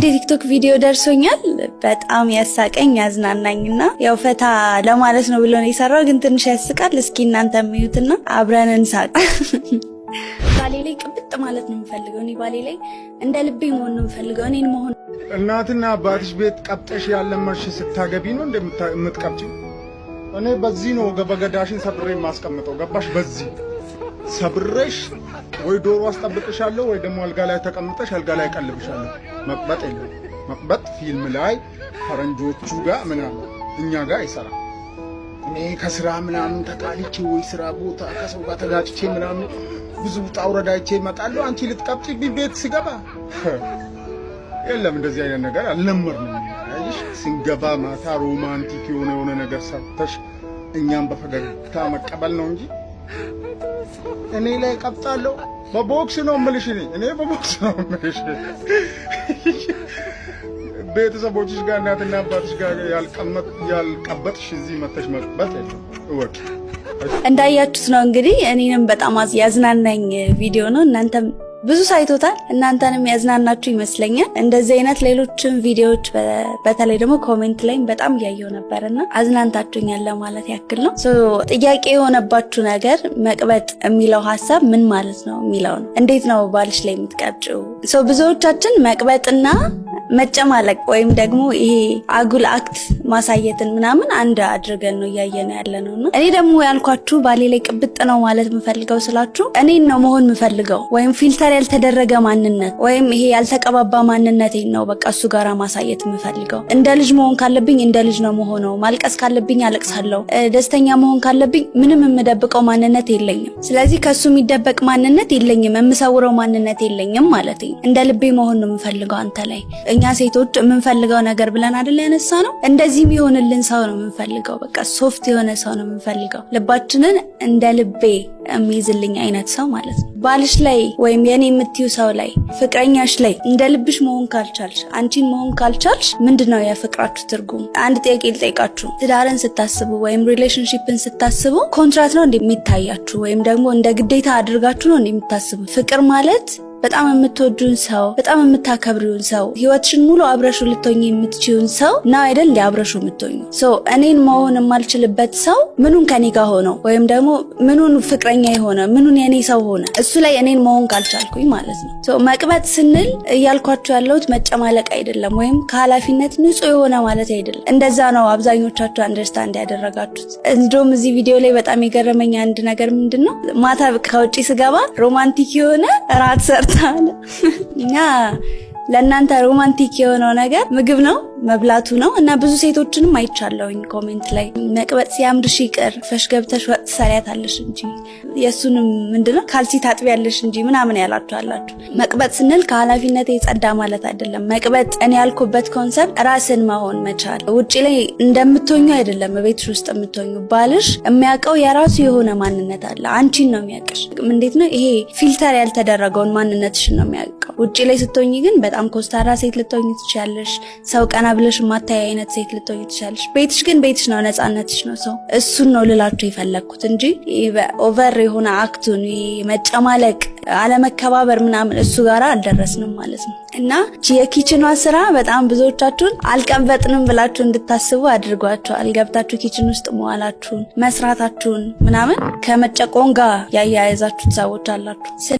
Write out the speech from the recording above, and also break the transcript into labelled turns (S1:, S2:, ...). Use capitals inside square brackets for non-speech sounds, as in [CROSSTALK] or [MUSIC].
S1: አንድ የቲክቶክ ቪዲዮ ደርሶኛል። በጣም ያሳቀኝ ያዝናናኝና ያው ፈታ ለማለት ነው ብሎ ነው የሰራው፣ ግን ትንሽ ያስቃል። እስኪ እናንተ የሚዩትና አብረን እንሳቅ። [LAUGHS] ባሌ ላይ ቅብጥ ማለት ነው የምፈልገው። እኔ ባሌ ላይ እንደ ልቤ መሆን ነው የምፈልገው። እኔን መሆን
S2: እናትና አባትሽ ቤት ቀብጠሽ ያለመሽ ስታገቢ ነው እንደምትቀብጭ። እኔ በዚህ ነው ገበገዳሽን ሰብሬ የማስቀምጠው። ገባሽ? በዚህ ሰብሬሽ ወይ ዶሮ አስጠብቅሻለሁ ወይ ደግሞ አልጋ ላይ ተቀምጠሽ አልጋ ላይ ቀልብሻለሁ። መቅበጥ የለም። መቅበጥ ፊልም ላይ ፈረንጆቹ ጋር ምናምን እኛ ጋር አይሰራም። እኔ ከስራ ምናምን ተቃልቼ ወይ ስራ ቦታ ከሰው ጋር ተጋጭቼ ምናምን ብዙ ውጣ ውረዳይቼ እመጣለሁ። አንቺ ልትቀብጪብኝ ቤት ስገባ የለም እንደዚህ አይነት ነገር አልለመድንም። ስንገባ ማታ ሮማንቲክ የሆነ የሆነ ነገር ሰርተሽ እኛም በፈገግታ መቀበል ነው እንጂ እኔ ላይ ቀብጣለሁ። በቦክስ ነው የምልሽ እኔ እኔ በቦክስ ነው የምልሽ። ቤተሰቦችሽ ጋር እናትና አባትሽ ጋር ያልቀመጥ ያልቀበጥሽ እዚህ መተሽ መቅበጥ እወቅ።
S1: እንዳያችሁት ነው እንግዲህ እኔንም በጣም ያዝናናኝ ቪዲዮ ነው እናንተም ብዙ ሳይቶታል። እናንተንም ያዝናናችሁ ይመስለኛል። እንደዚህ አይነት ሌሎችም ቪዲዮዎች በተለይ ደግሞ ኮሜንት ላይም በጣም እያየው ነበር እና አዝናንታችሁኛል ለማለት ያክል ነው። ጥያቄ የሆነባችሁ ነገር መቅበጥ የሚለው ሀሳብ ምን ማለት ነው የሚለው ነው። እንዴት ነው ባልሽ ላይ የምትቀብጭው? ብዙዎቻችን መቅበጥና መጨማለቅ ወይም ደግሞ ይሄ አጉል አክት ማሳየትን ምናምን አንድ አድርገን ነው እያየን ያለ ነው። እኔ ደግሞ ያልኳችሁ ባሌ ላይ ቅብጥ ነው ማለት የምፈልገው ስላችሁ እኔን ነው መሆን የምፈልገው ወይም ፊልተር ያልተደረገ ማንነት ወይም ይሄ ያልተቀባባ ማንነቴን ነው በቃ እሱ ጋራ ማሳየት የምፈልገው። እንደ ልጅ መሆን ካለብኝ እንደ ልጅ ነው መሆነው። ማልቀስ ካለብኝ አለቅሳለሁ። ደስተኛ መሆን ካለብኝ ምንም የምደብቀው ማንነት የለኝም። ስለዚህ ከሱ የሚደበቅ ማንነት የለኝም፣ የምሰውረው ማንነት የለኝም ማለት እንደ ልቤ መሆን ነው የምፈልገው አንተ ላይ እኛ ሴቶች የምንፈልገው ነገር ብለን አይደል ያነሳ ነው። እንደዚህም የሆንልን ሰው ነው የምንፈልገው። በቃ ሶፍት የሆነ ሰው ነው የምንፈልገው። ልባችንን እንደ ልቤ የሚይዝልኝ አይነት ሰው ማለት ነው። ባልሽ ላይ ወይም የኔ የምትዩ ሰው ላይ ፍቅረኛሽ ላይ እንደ ልብሽ መሆን ካልቻልሽ፣ አንቺን መሆን ካልቻልሽ ምንድን ነው የፍቅራችሁ ትርጉም? አንድ ጥያቄ ልጠይቃችሁ። ትዳርን ስታስቡ ወይም ሪሌሽንሽፕን ስታስቡ ኮንትራት ነው እንደሚታያችሁ ወይም ደግሞ እንደ ግዴታ አድርጋችሁ ነው እንደሚታስቡ ፍቅር ማለት በጣም የምትወዱን ሰው፣ በጣም የምታከብሪውን ሰው፣ ህይወትሽን ሙሉ አብረሹ ልትሆኝ የምትችሉን ሰው ና አይደል ሊያብረሹ የምትሆኙ እኔን መሆን የማልችልበት ሰው ምኑን ከኔ ጋር ሆነው ወይም ደግሞ ምኑን ፍቅረኛ የሆነ ምኑን የኔ ሰው ሆነ እሱ ላይ እኔን መሆን ካልቻልኩኝ ማለት ነው። መቅበጥ ስንል እያልኳቸው ያለሁት መጨማለቅ አይደለም፣ ወይም ከኃላፊነት ንጹህ የሆነ ማለት አይደለም። እንደዛ ነው አብዛኞቻችሁ አንደርስታንድ ያደረጋችሁት። እንዲሁም እዚህ ቪዲዮ ላይ በጣም የገረመኝ አንድ ነገር ምንድን ነው ማታ ከውጭ ስገባ ሮማንቲክ የሆነ ራት ሰርት ተዓላ [LAUGHS] እና ለእናንተ ሮማንቲክ የሆነው ነገር ምግብ ነው። መብላቱ ነው እና ብዙ ሴቶችንም አይቻለውኝ ኮሜንት ላይ መቅበጥ ሲያምርሽ ይቅር ፈሽ ገብተሽ ወጥ ሰሪያታለሽ እንጂ የእሱንም ምንድነው ካልሲ ታጥቢያለሽ እንጂ ምናምን ያላችሁ አላችሁ። መቅበጥ ስንል ከኃላፊነት የጸዳ ማለት አይደለም። መቅበጥ እኔ ያልኩበት ኮንሰፕት ራስን መሆን መቻል፣ ውጭ ላይ እንደምትኙ አይደለም ቤትሽ ውስጥ የምትኙ። ባልሽ የሚያውቀው የራሱ የሆነ ማንነት አለ። አንቺን ነው የሚያውቅሽ። እንዴት ነው ይሄ ፊልተር ያልተደረገውን ማንነትሽን ነው የሚያውቀው። ውጭ ላይ ስትኝ ግን በጣም ኮስታራ ሴት ልትኝ ትችያለሽ። ሰው ቀና ብለሽ ማታይ አይነት ሴት ልትሆኝ ትችላለሽ። ቤትሽ ግን ቤትሽ ነው፣ ነፃነትሽ ነው። ሰው እሱን ነው ልላችሁ የፈለግኩት እንጂ ኦቨር የሆነ አክቱን መጨማለቅ፣ አለመከባበር ምናምን እሱ ጋር አልደረስንም ማለት ነው እና የኪችኗ ስራ በጣም ብዙዎቻችሁን አልቀበጥንም ብላችሁ እንድታስቡ አድርጓችኋል። ገብታችሁ ኪችን ውስጥ መዋላችሁን መስራታችሁን ምናምን ከመጨቆን ጋር ያያያዛችሁት ሰዎች አላችሁ።